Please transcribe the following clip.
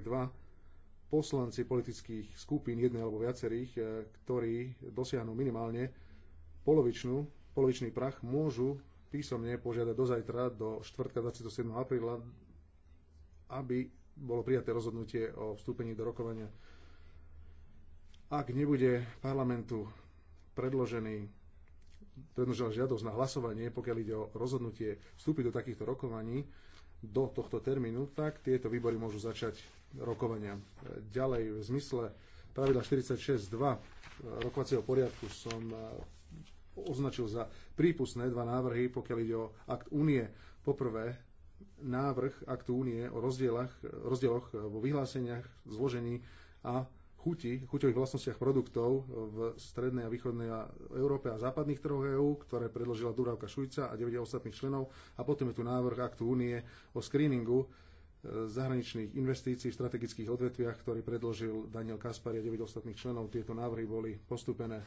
dva poslanci politických skupín, jednej alebo viacerých, e, ktorí dosiahnu minimálne polovičnú, polovičný prach, môžu písomne požiadať do zajtra, do štvrtka 27. apríla, aby bolo prijaté rozhodnutie o vstúpení do rokovania. Ak nebude parlamentu predložený predložila žiadosť na hlasovanie, pokiaľ ide o rozhodnutie vstúpiť do takýchto rokovaní, do tohto termínu, tak tieto výbory môžu začať rokovania. Ďalej, v zmysle pravidla 46.2 rokovacieho poriadku som eh, označil za prípustné dva návrhy, pokiaľ ide o akt únie. Poprvé, návrh aktu únie o eh, rozdieloch eh, vo vyhláseniach, zložení a chuti, chuťových vlastnostiach produktov v strednej a východnej Európe a západných trhoch EÚ, ktoré predložila Dúravka Šujca a 9 ostatných členov. A potom je tu návrh aktu únie o screeningu e, zahraničných investícií v strategických odvetviach, ktorý predložil Daniel Kaspar a 9 ostatných členov. Tieto návrhy boli postupené